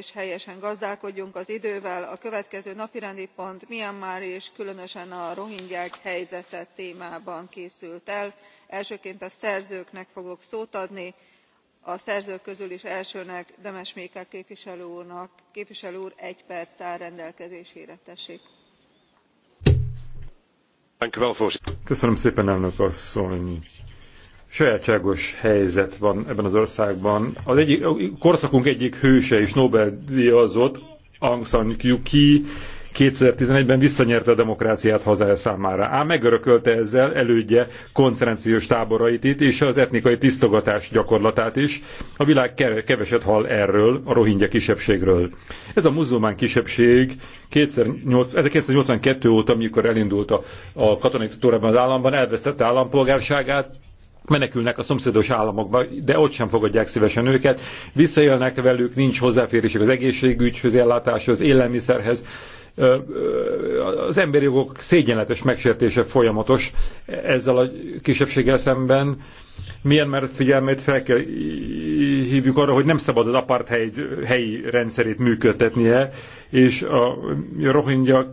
és helyesen gazdálkodjunk az idővel a következő napirendi pont mianmar és különösen a rohingyák helyzete témában készült el. elsőként a szerzőknek fogok szót adni a szerzők közül is elsőnek demesmaeker képviselő úrnak. képviselő úr egy perc áll rendelkezésére tessék. Köszönöm szépen, elnök asszony! sajátságos helyzet van ebben az országban. Az egyik, a korszakunk egyik hőse és Nobel-díjazott, Aung San Suu Kyi, 2011-ben visszanyerte a demokráciát hazája számára. Ám megörökölte ezzel elődje koncentrációs táborait itt, és az etnikai tisztogatás gyakorlatát is. A világ keveset hall erről, a rohingya kisebbségről. Ez a muzulmán kisebbség 1982 óta, amikor elindult a, a katonai az államban, elvesztette állampolgárságát, menekülnek a szomszédos államokba, de ott sem fogadják szívesen őket, visszaélnek velük, nincs hozzáférésük az egészségügyhöz, ellátáshoz, élelmiszerhez, az emberi jogok szégyenletes megsértése folyamatos ezzel a kisebbséggel szemben, milyen Mert figyelmét fel kell hívjuk arra, hogy nem szabad az apartheid helyi rendszerét működtetnie, és a rohingya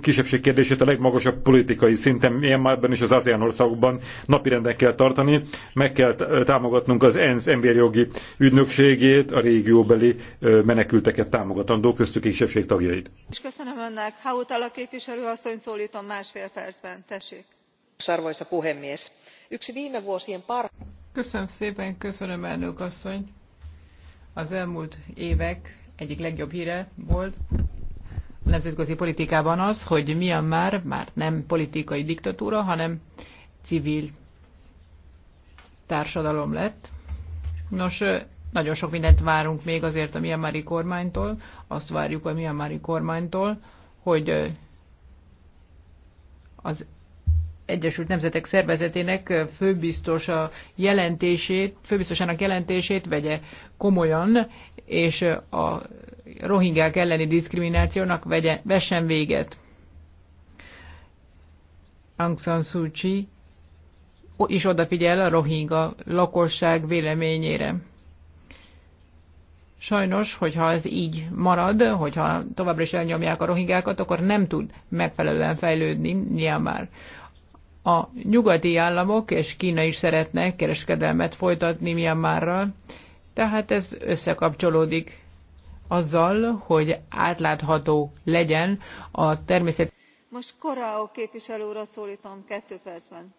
kisebbség kérdését a legmagasabb politikai szinten, Myanmarban és az ASEAN országokban napirenden kell tartani, meg kell támogatnunk az ENSZ emberjogi ügynökségét, a régióbeli menekülteket támogatandó, köztük kisebbség tagjait. És köszönöm önnek, Hautala képviselő asszony szólítom másfél percben, tessék arvoisa puhemies yksi viime vuosien parhaista Köszönöm szépen, köszönöm elnök Az elmúlt évek egyik legjobb híre volt politikában az, hogy már, nem politikai diktatúra, hanem civil társadalom lett. Nos, nagyon sok mindent várunk még azért a Myanmari kormánytól, azt várjuk a Myanmari kormánytól, hogy az Egyesült Nemzetek Szervezetének főbiztosa jelentését, főbiztosának jelentését vegye komolyan, és a rohingák elleni diszkriminációnak vegye, vessen véget. Aung San Suu Kyi is odafigyel a rohinga lakosság véleményére. Sajnos, hogyha ez így marad, hogyha továbbra is elnyomják a rohingákat, akkor nem tud megfelelően fejlődni Myanmar a nyugati államok és Kína is szeretne kereskedelmet folytatni Myanmarral, tehát ez összekapcsolódik azzal, hogy átlátható legyen a természet. Most Korao képviselő úrra szólítom kettő percben.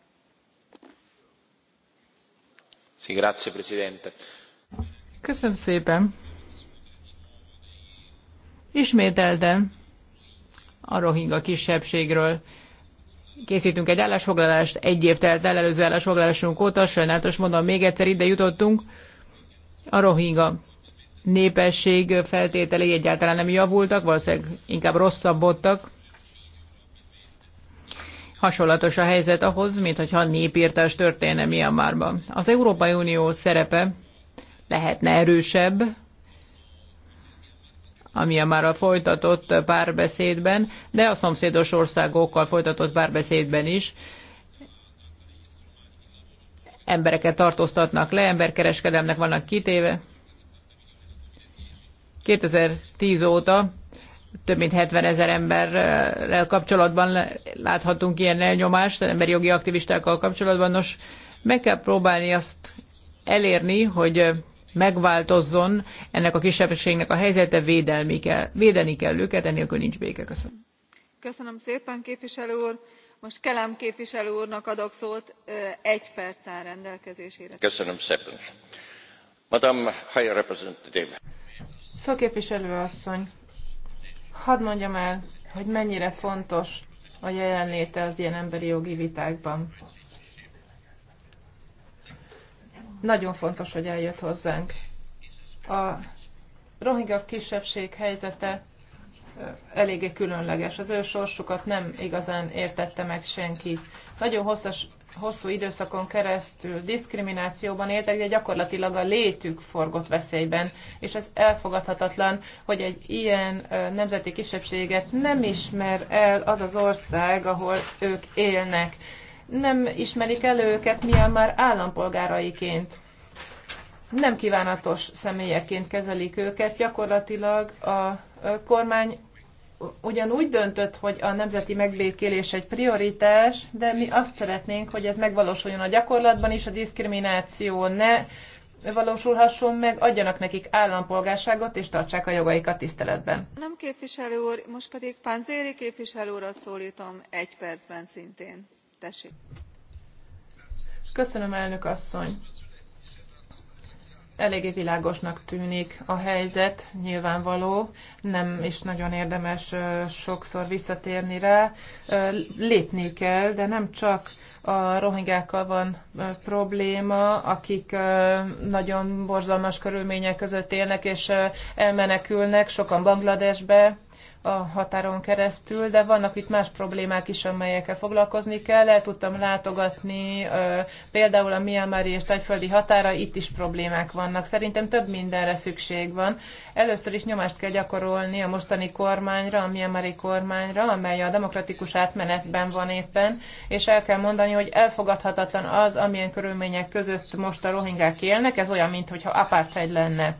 Sí, grazie, Presidente. Köszönöm szépen. Ismételten a rohinga kisebbségről készítünk egy állásfoglalást, egy év telt el előző állásfoglalásunk óta, sajnálatos mondom, még egyszer ide jutottunk, a rohinga népesség feltételei egyáltalán nem javultak, valószínűleg inkább rosszabbodtak. Hasonlatos a helyzet ahhoz, mint hogyha népírtás történne Myanmarban. Az Európai Unió szerepe lehetne erősebb, ami már a folytatott párbeszédben, de a szomszédos országokkal folytatott párbeszédben is embereket tartóztatnak le, emberkereskedelmnek vannak kitéve. 2010 óta több mint 70 ezer emberrel kapcsolatban láthatunk ilyen elnyomást, emberi jogi aktivistákkal kapcsolatban. Nos, meg kell próbálni azt elérni, hogy megváltozzon ennek a kisebbségnek a helyzete, védelmi kell, védeni kell őket, ennélkül nincs béke. Köszönöm. Köszönöm szépen, képviselő úr. Most Kelem képviselő úrnak adok szót, egy perc áll rendelkezésére. Köszönöm szépen. Madam High Representative. Főképviselő asszony, hadd mondjam el, hogy mennyire fontos a jelenléte az ilyen emberi jogi vitákban. Nagyon fontos, hogy eljött hozzánk. A rohingya kisebbség helyzete eléggé különleges. Az ő sorsukat nem igazán értette meg senki. Nagyon hosszas, hosszú időszakon keresztül diszkriminációban éltek, de gyakorlatilag a létük forgott veszélyben, és ez elfogadhatatlan, hogy egy ilyen nemzeti kisebbséget nem ismer el az az ország, ahol ők élnek nem ismerik el őket már állampolgáraiként. Nem kívánatos személyeként kezelik őket, gyakorlatilag a kormány ugyanúgy döntött, hogy a nemzeti megbékélés egy prioritás, de mi azt szeretnénk, hogy ez megvalósuljon a gyakorlatban is, a diszkrimináció ne valósulhasson meg, adjanak nekik állampolgárságot és tartsák a jogaikat tiszteletben. Nem képviselő úr, most pedig panzéri képviselő urat szólítom egy percben szintén. Tessék. Köszönöm, elnök asszony. Eléggé világosnak tűnik a helyzet, nyilvánvaló, nem is nagyon érdemes sokszor visszatérni rá. Lépni kell, de nem csak a rohingákkal van probléma, akik nagyon borzalmas körülmények között élnek és elmenekülnek, sokan Bangladesbe, a határon keresztül, de vannak itt más problémák is, amelyekkel foglalkozni kell. El tudtam látogatni például a Miamari és Tajföldi határa, itt is problémák vannak. Szerintem több mindenre szükség van. Először is nyomást kell gyakorolni a mostani kormányra, a Miamari kormányra, amely a demokratikus átmenetben van éppen, és el kell mondani, hogy elfogadhatatlan az, amilyen körülmények között most a rohingák élnek, ez olyan, mintha apartheid lenne.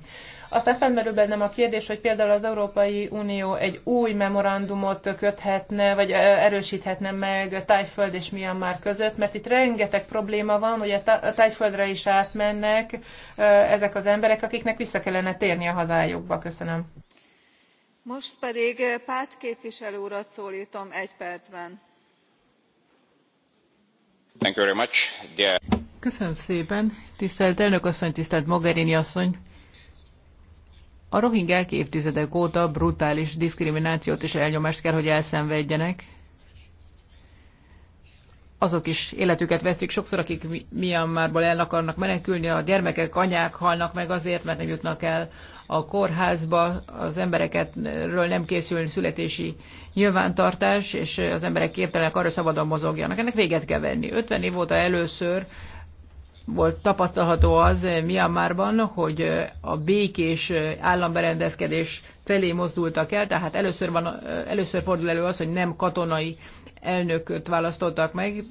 Aztán felmerül bennem a kérdés, hogy például az Európai Unió egy új memorandumot köthetne, vagy erősíthetne meg Tájföld és Myanmar között, mert itt rengeteg probléma van, hogy a Tájföldre is átmennek ezek az emberek, akiknek vissza kellene térni a hazájukba. Köszönöm. Most pedig Pát képviselő urat szólítom egy percben. Thank you very much. Yeah. Köszönöm szépen, tisztelt elnök asszony, tisztelt Mogherini asszony! A rohingyák évtizedek óta brutális diszkriminációt és elnyomást kell, hogy elszenvedjenek. Azok is életüket vesztik sokszor, akik Myanmarból el akarnak menekülni, a gyermekek, anyák halnak meg azért, mert nem jutnak el a kórházba, az embereketről nem készül születési nyilvántartás, és az emberek képtelenek arra szabadon mozogjanak. Ennek véget kell venni. 50 év óta először volt tapasztalható az eh, Myanmarban, hogy eh, a békés eh, államberendezkedés felé mozdultak el, tehát először, van, először fordul elő az, hogy nem katonai elnököt választottak meg,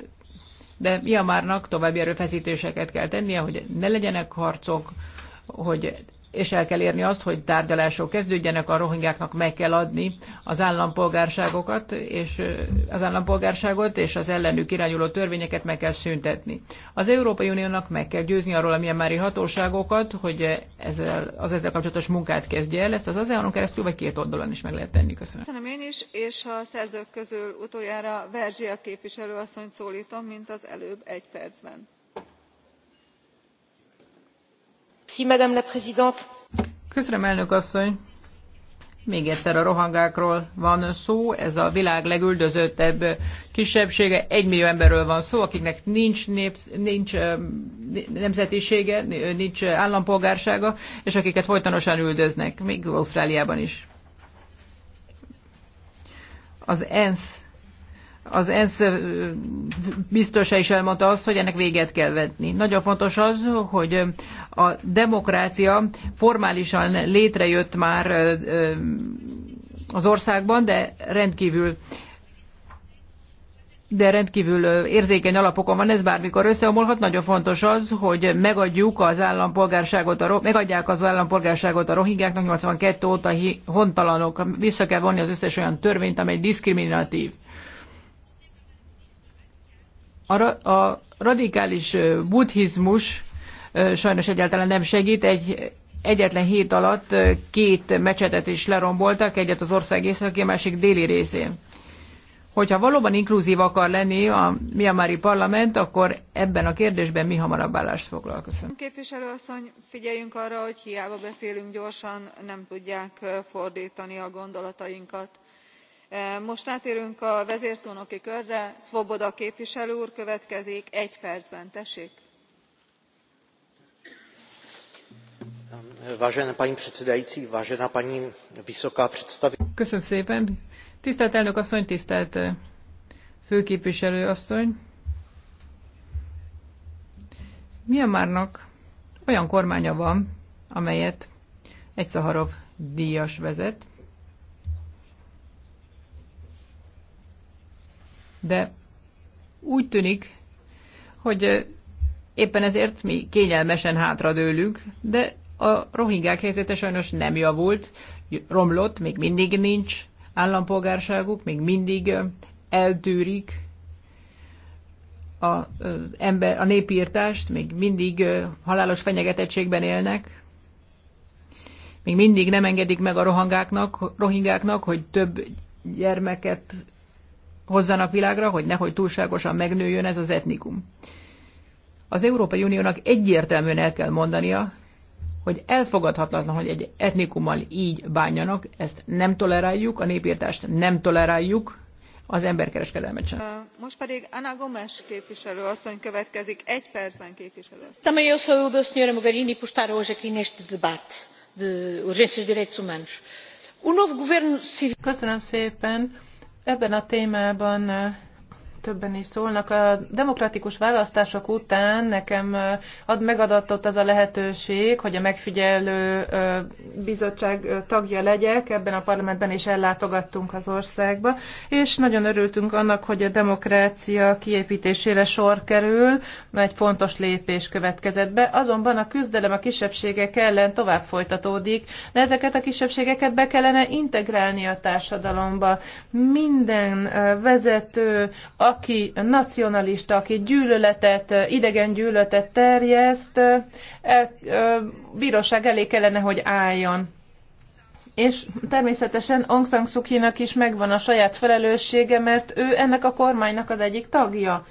de Myanmarnak további erőfeszítéseket kell tennie, hogy ne legyenek harcok, hogy és el kell érni azt, hogy tárgyalások kezdődjenek, a rohingyáknak meg kell adni az állampolgárságokat, és az állampolgárságot és az ellenük irányuló törvényeket meg kell szüntetni. Az Európai Uniónak meg kell győzni arról a miamári hatóságokat, hogy ezzel, az ezzel kapcsolatos munkát kezdje el, ezt az asean keresztül vagy két oldalon is meg lehet tenni. Köszönöm. Köszönöm én is, és a szerzők közül utoljára Verzsia képviselőasszonyt szólítom, mint az előbb egy percben Köszönöm, elnök asszony. Még egyszer a rohangákról van szó, ez a világ legüldözöttebb kisebbsége, egymillió emberről van szó, akiknek nincs, nincs nemzetisége, nincs állampolgársága, és akiket folytonosan üldöznek, még Ausztráliában is. Az ENSZ az ENSZ biztosa is elmondta azt, hogy ennek véget kell vetni. Nagyon fontos az, hogy a demokrácia formálisan létrejött már az országban, de rendkívül de rendkívül érzékeny alapokon van, ez bármikor összeomolhat. Nagyon fontos az, hogy megadjuk az állampolgárságot, a, megadják az állampolgárságot a rohingyáknak 82 óta hontalanok. Vissza kell vonni az összes olyan törvényt, amely diszkriminatív. A, a radikális buddhizmus sajnos egyáltalán nem segít. Egy egyetlen hét alatt két mecsetet is leromboltak, egyet az ország északi, a másik déli részén. Hogyha valóban inkluzív akar lenni a Miamári parlament, akkor ebben a kérdésben mi hamarabb állást foglalkozunk. Köszönöm. Képviselőasszony, figyeljünk arra, hogy hiába beszélünk gyorsan, nem tudják fordítani a gondolatainkat most rátérünk a vezérszónoki körre swoboda képviselő úr következik egy percben tessék. pani predsedajúca tisztelt elnök asszony tisztelt főképviselő asszony! myanmarnak olyan kormánya van amelyet egy szaharov djas vezet de úgy tűnik, hogy éppen ezért mi kényelmesen hátradőlünk, de a rohingák helyzete sajnos nem javult, romlott, még mindig nincs állampolgárságuk, még mindig eltűrik a, az ember, a népírtást, még mindig halálos fenyegetettségben élnek, még mindig nem engedik meg a rohangáknak, rohingáknak, hogy több gyermeket hozzanak világra, hogy nehogy túlságosan megnőjön ez az etnikum. Az Európai Uniónak egyértelműen el kell mondania, hogy elfogadhatatlan, hogy egy etnikummal így bánjanak, ezt nem toleráljuk, a népírtást nem toleráljuk, az emberkereskedelmet sem. Most pedig Anna Gomes képviselő asszony következik, egy percben képviselő. Também eu sou da senhora Mogherini e por estar hoje aqui neste debate de urgências de direitos humanos. O novo governo civil... Köszönöm szépen Ebben a témában többen is szólnak. A demokratikus választások után nekem ad megadatott az a lehetőség, hogy a megfigyelő bizottság tagja legyek. Ebben a parlamentben is ellátogattunk az országba, és nagyon örültünk annak, hogy a demokrácia kiépítésére sor kerül, egy fontos lépés következett be. Azonban a küzdelem a kisebbségek ellen tovább folytatódik, de ezeket a kisebbségeket be kellene integrálni a társadalomba. Minden vezető, a aki nacionalista, aki gyűlöletet, idegen gyűlöletet terjeszt, el, bíróság elé kellene, hogy álljon. És természetesen Aung San Suu Kyi-nak is megvan a saját felelőssége, mert ő ennek a kormánynak az egyik tagja.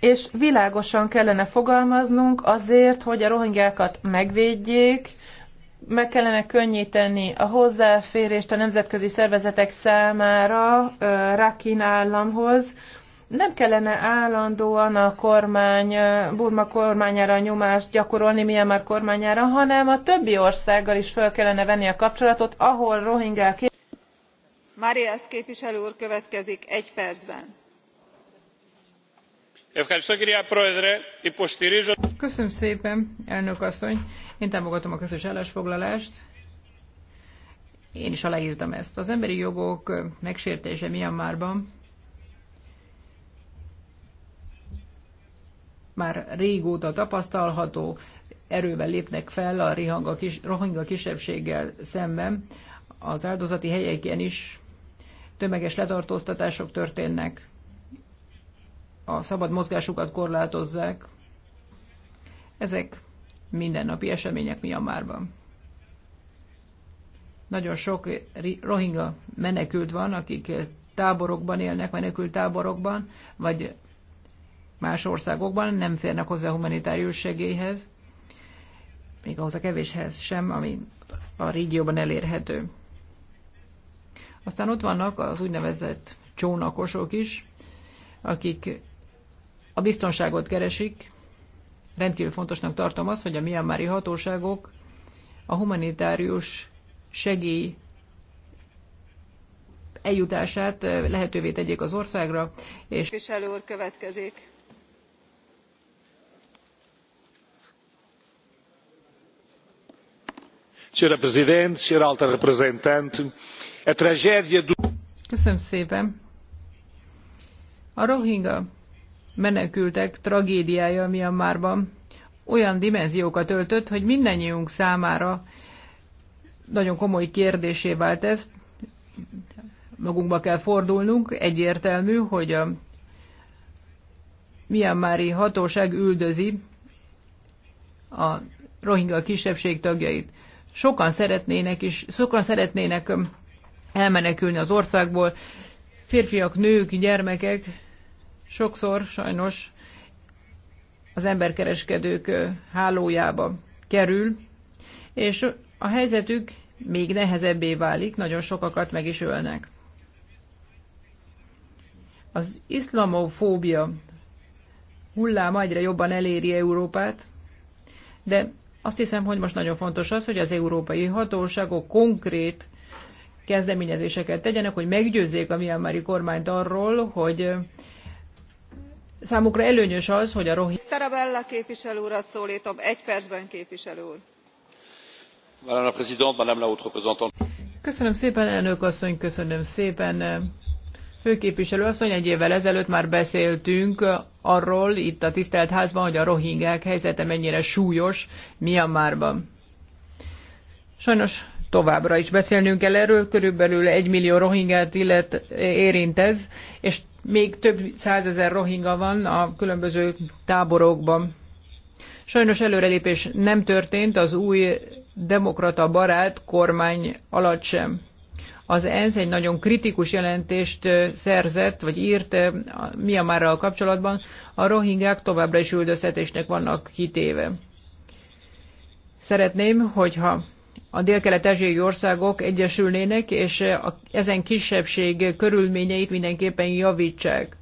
És világosan kellene fogalmaznunk azért, hogy a rohingyákat megvédjék, meg kellene könnyíteni a hozzáférést a nemzetközi szervezetek számára Rakin államhoz. Nem kellene állandóan a kormány, Burma kormányára nyomást gyakorolni, milyen már kormányára, hanem a többi országgal is fel kellene venni a kapcsolatot, ahol Rohingya. Marias képviselő úr következik egy percben Köszönöm szépen, elnök asszony. Én támogatom a közös állásfoglalást. Én is aláírtam ezt. Az emberi jogok megsértése Myanmarban már régóta tapasztalható, erővel lépnek fel a rohingya kisebbséggel szemben. Az áldozati helyeken is tömeges letartóztatások történnek a szabad mozgásukat korlátozzák. Ezek mindennapi események Myanmarban. Nagyon sok rohinga menekült van, akik táborokban élnek, menekült táborokban, vagy más országokban nem férnek hozzá humanitárius segélyhez, még ahhoz a kevéshez sem, ami a régióban elérhető. Aztán ott vannak az úgynevezett csónakosok is, akik a biztonságot keresik. Rendkívül fontosnak tartom azt, hogy a miamári hatóságok a humanitárius segély eljutását lehetővé tegyék az országra. És... Viselő úr következik. Alta a tragédia Köszönöm szépen. A Rohingya menekültek tragédiája Myanmarban olyan dimenziókat öltött, hogy mindannyiunk számára nagyon komoly kérdésé vált ez. Magunkba kell fordulnunk, egyértelmű, hogy a Myanmari hatóság üldözi a rohingya kisebbség tagjait. Sokan szeretnének is, sokan szeretnének um, elmenekülni az országból, férfiak, nők, gyermekek, sokszor sajnos az emberkereskedők hálójába kerül, és a helyzetük még nehezebbé válik, nagyon sokakat meg is ölnek. Az iszlamofóbia hullám egyre jobban eléri Európát, de azt hiszem, hogy most nagyon fontos az, hogy az európai hatóságok konkrét kezdeményezéseket tegyenek, hogy meggyőzzék a Myanmari kormányt arról, hogy számukra előnyös az, hogy a rohi... Tarabella képviselő urat szólítom, egy percben képviselő úr. Madame la Présidente, Madame la Haute Représentante. Köszönöm szépen, elnök asszony, köszönöm szépen. Eh, főképviselő asszony, egy évvel ezelőtt már beszéltünk arról itt a tisztelt házban, hogy a rohingák helyzete mennyire súlyos Myanmarban. Sajnos továbbra is beszélnünk kell erről, körülbelül egy millió rohingát illet, eh, érint ez, és még több százezer rohinga van a különböző táborokban. Sajnos előrelépés nem történt az új demokrata barát kormány alatt sem. Az ENSZ egy nagyon kritikus jelentést szerzett, vagy írt Miamárral kapcsolatban, a rohingák továbbra is üldöztetésnek vannak kitéve. Szeretném, hogyha a délkelet ázsiai országok egyesülnének, és a, ezen kisebbség körülményeit mindenképpen javítsák.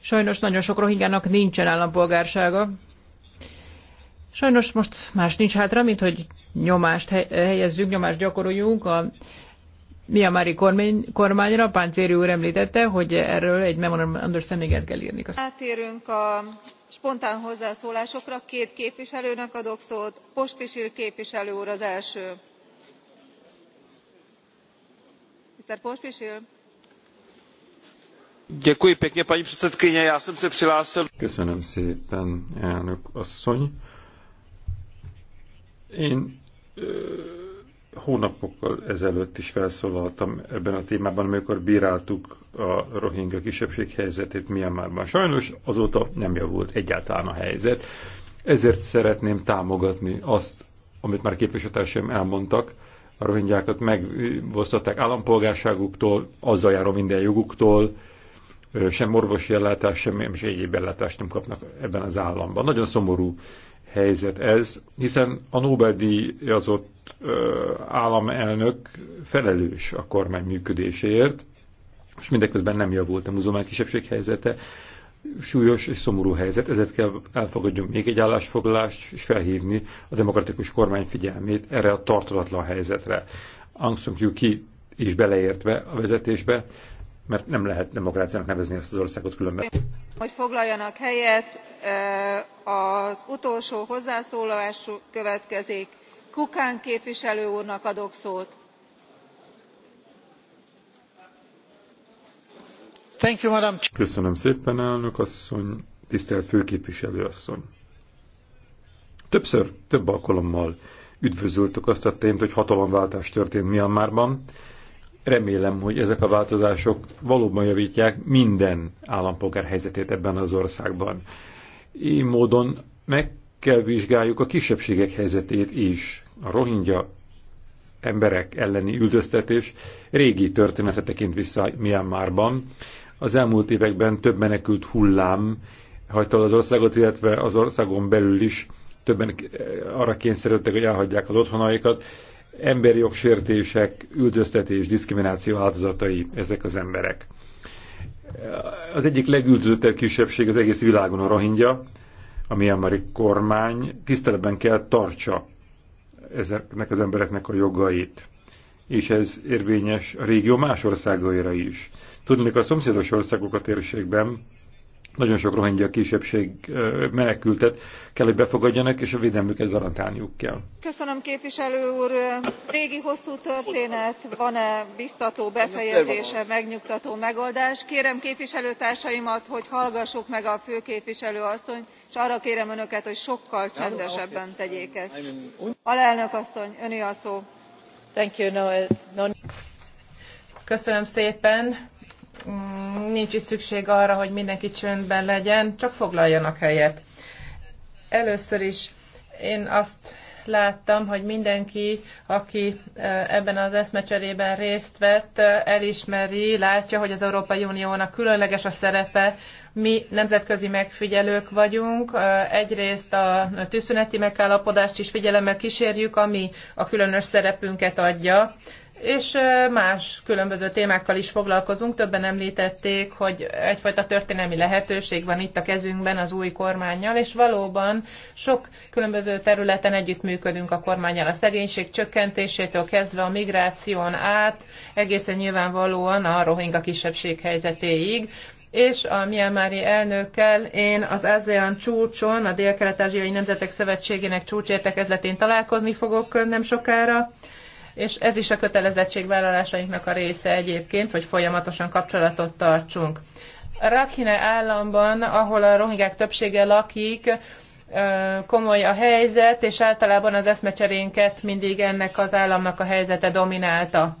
Sajnos nagyon sok rohingának nincsen állampolgársága. Sajnos most más nincs hátra, mint hogy nyomást helyezzünk, nyomást gyakoroljunk a Miamari kormányra. Páncéri úr említette, hogy erről egy memorandum understanding-et kell írni. Átérünk a spontán hozzászólásokra. Két képviselőnek adok szót. Pospisil képviselő úr az első. Mr. Pospisil. Děkuji pěkně, paní předsedkyně. Já jsem se přihlásil. Köszönöm szépen, elnök asszony. Én ö hónapokkal ezelőtt is felszólaltam ebben a témában, amikor bíráltuk a rohingya kisebbség helyzetét Myanmarban. Sajnos azóta nem javult egyáltalán a helyzet, ezért szeretném támogatni azt, amit már képviselőtársaim elmondtak, a rohingyákat megbosszatták állampolgárságuktól, azzal járó minden joguktól, sem orvosi ellátást, sem, sem egyéb ellátást nem kapnak ebben az államban. Nagyon szomorú helyzet ez, hiszen a Nobel-díjazott államelnök felelős a kormány működéséért, és mindeközben nem javult a muzulmán kisebbség helyzete, súlyos és szomorú helyzet, ezért kell elfogadjunk még egy állásfoglalást, és felhívni a demokratikus kormány figyelmét erre a tartalatlan helyzetre. Aung San Suu Kyi is beleértve a vezetésbe, mert nem lehet demokráciának nevezni ezt az országot különben. Hogy foglaljanak helyet, az utolsó hozzászólás következik. Kukán képviselő úrnak adok szót. Thank you, madam. Köszönöm szépen, elnök asszony, tisztelt főképviselő asszony. Többször, több alkalommal üdvözöltük azt a tényt, hogy hatalomváltás történt Myanmarban, Remélem, hogy ezek a változások valóban javítják minden állampolgár helyzetét ebben az országban. Így módon meg kell vizsgáljuk a kisebbségek helyzetét is. A rohingya emberek elleni üldöztetés régi története tekint vissza Myanmarban. Az elmúlt években több menekült hullám hagyta az országot, illetve az országon belül is többen arra kényszerültek, hogy elhagyják az otthonaikat, emberi jogsértések, üldöztetés, diszkrimináció áldozatai ezek az emberek. Az egyik legüldözöttebb kisebbség az egész világon a rohingya, a Myanmari kormány tiszteletben kell tartsa ezeknek az embereknek a jogait. És ez érvényes a régió más országaira is. Tudnék, a szomszédos országok a térségben nagyon sok rohingya kisebbség menekültet kell, hogy befogadjanak, és a védelmüket garantálniuk kell. Köszönöm képviselő úr. Régi hosszú történet, van-e biztató befejezése, megnyugtató megoldás? Kérem képviselőtársaimat, hogy hallgassuk meg a főképviselő asszony, és arra kérem önöket, hogy sokkal csendesebben tegyék ezt. Alelnök asszony, öné a szó. Thank you, no, Köszönöm szépen nincs is szükség arra, hogy mindenki csöndben legyen, csak foglaljanak helyet. Először is én azt láttam, hogy mindenki, aki e, ebben az eszmecserében részt vett, e, elismeri, látja, hogy az Európai Uniónak különleges a szerepe. Mi nemzetközi megfigyelők vagyunk, e, egyrészt a tűzszüneti megállapodást is figyelemmel kísérjük, ami a különös szerepünket adja és más különböző témákkal is foglalkozunk. Többen említették, hogy egyfajta történelmi lehetőség van itt a kezünkben az új kormányjal, és valóban sok különböző területen együttműködünk a kormányjal. A szegénység csökkentésétől kezdve a migráción át, egészen nyilvánvalóan a rohinga kisebbség helyzetéig és a Mielmári elnökkel én az ASEAN csúcson, a Dél-Kelet-Ázsiai Nemzetek Szövetségének csúcsértekezletén találkozni fogok nem sokára és ez is a kötelezettségvállalásainknak a része egyébként, hogy folyamatosan kapcsolatot tartsunk. Rakhine államban, ahol a rohingák többsége lakik, komoly a helyzet, és általában az eszmecserénket mindig ennek az államnak a helyzete dominálta.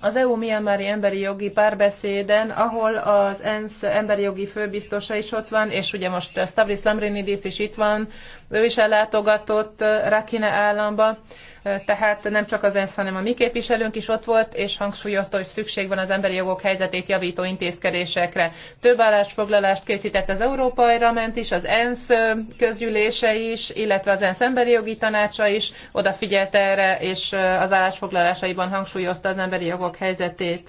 Az EU Myanmari emberi jogi párbeszéden, ahol az ENSZ emberi jogi főbiztosa is ott van, és ugye most Stavris Lambrinidis is itt van, ő is ellátogatott Rakine államba tehát nem csak az ENSZ, hanem a mi képviselőnk is ott volt, és hangsúlyozta, hogy szükség van az emberi jogok helyzetét javító intézkedésekre. Több állásfoglalást készített az Európai Parlament is, az ENSZ közgyűlése is, illetve az ENSZ emberi jogi tanácsa is odafigyelt erre, és az állásfoglalásaiban hangsúlyozta az emberi jogok helyzetét.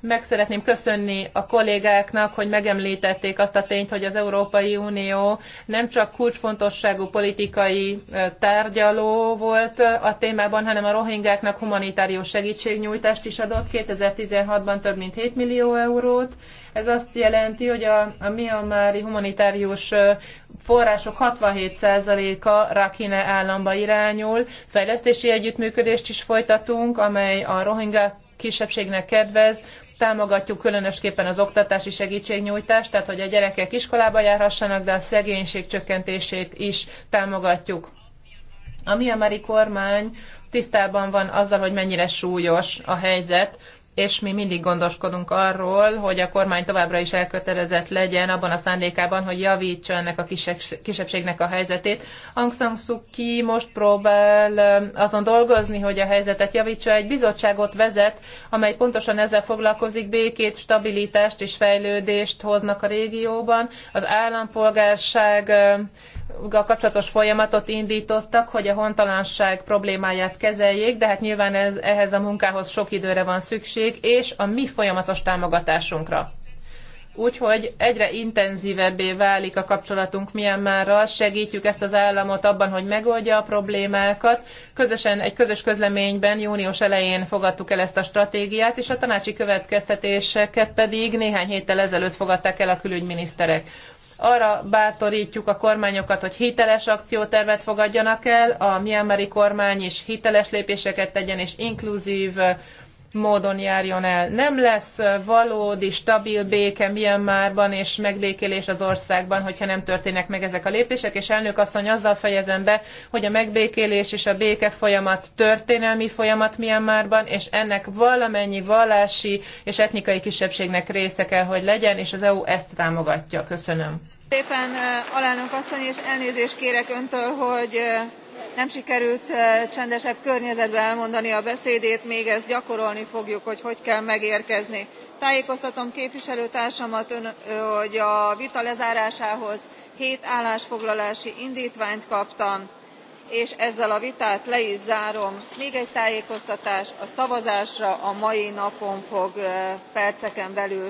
Meg szeretném köszönni a kollégáknak, hogy megemlítették azt a tényt, hogy az Európai Unió nem csak kulcsfontosságú politikai tárgyaló volt a témában, hanem a rohingáknak humanitárius segítségnyújtást is adott 2016-ban több mint 7 millió eurót, ez azt jelenti, hogy a, a miamári humanitárius források 67%-a Rakine államba irányul. Fejlesztési együttműködést is folytatunk, amely a rohingák kisebbségnek kedvez, támogatjuk különösképpen az oktatási segítségnyújtást, tehát hogy a gyerekek iskolába járhassanak, de a szegénység csökkentését is támogatjuk. A Miamari kormány tisztában van azzal, hogy mennyire súlyos a helyzet, és mi mindig gondoskodunk arról, hogy a kormány továbbra is elkötelezett legyen abban a szándékában, hogy javítsa ennek a kisebbségnek a helyzetét. Aung San Suu Kyi most próbál azon dolgozni, hogy a helyzetet javítsa. Egy bizottságot vezet, amely pontosan ezzel foglalkozik, békét, stabilitást és fejlődést hoznak a régióban. Az állampolgárság a kapcsolatos folyamatot indítottak, hogy a hontalanság problémáját kezeljék, de hát nyilván ez, ehhez a munkához sok időre van szükség, és a mi folyamatos támogatásunkra. Úgyhogy egyre intenzívebbé válik a kapcsolatunk Myanmarral, segítjük ezt az államot abban, hogy megoldja a problémákat. Közösen egy közös közleményben június elején fogadtuk el ezt a stratégiát, és a tanácsi következtetéseket pedig néhány héttel ezelőtt fogadták el a külügyminiszterek. Arra bátorítjuk a kormányokat, hogy hiteles akciótervet fogadjanak el, a Myanmari kormány is hiteles lépéseket tegyen, és inkluzív módon járjon el. Nem lesz valódi, stabil béke Myanmarban és megbékélés az országban, hogyha nem történnek meg ezek a lépések, és elnök asszony azzal fejezem be, hogy a megbékélés és a béke folyamat történelmi folyamat Myanmarban, és ennek valamennyi vallási és etnikai kisebbségnek része kell, hogy legyen, és az EU ezt támogatja. Köszönöm. Szépen alelnök asszony, és elnézést kérek öntől, hogy nem sikerült csendesebb környezetben elmondani a beszédét még ezt gyakorolni fogjuk hogy hogy kell megérkezni. tájékoztatom képviselőtársamat hogy a vita lezárásához hét állásfoglalási indtványt kaptam és ezzel a vitát le is zárom. még egy tájékoztatás a szavazásra a mai napon fog perceken belül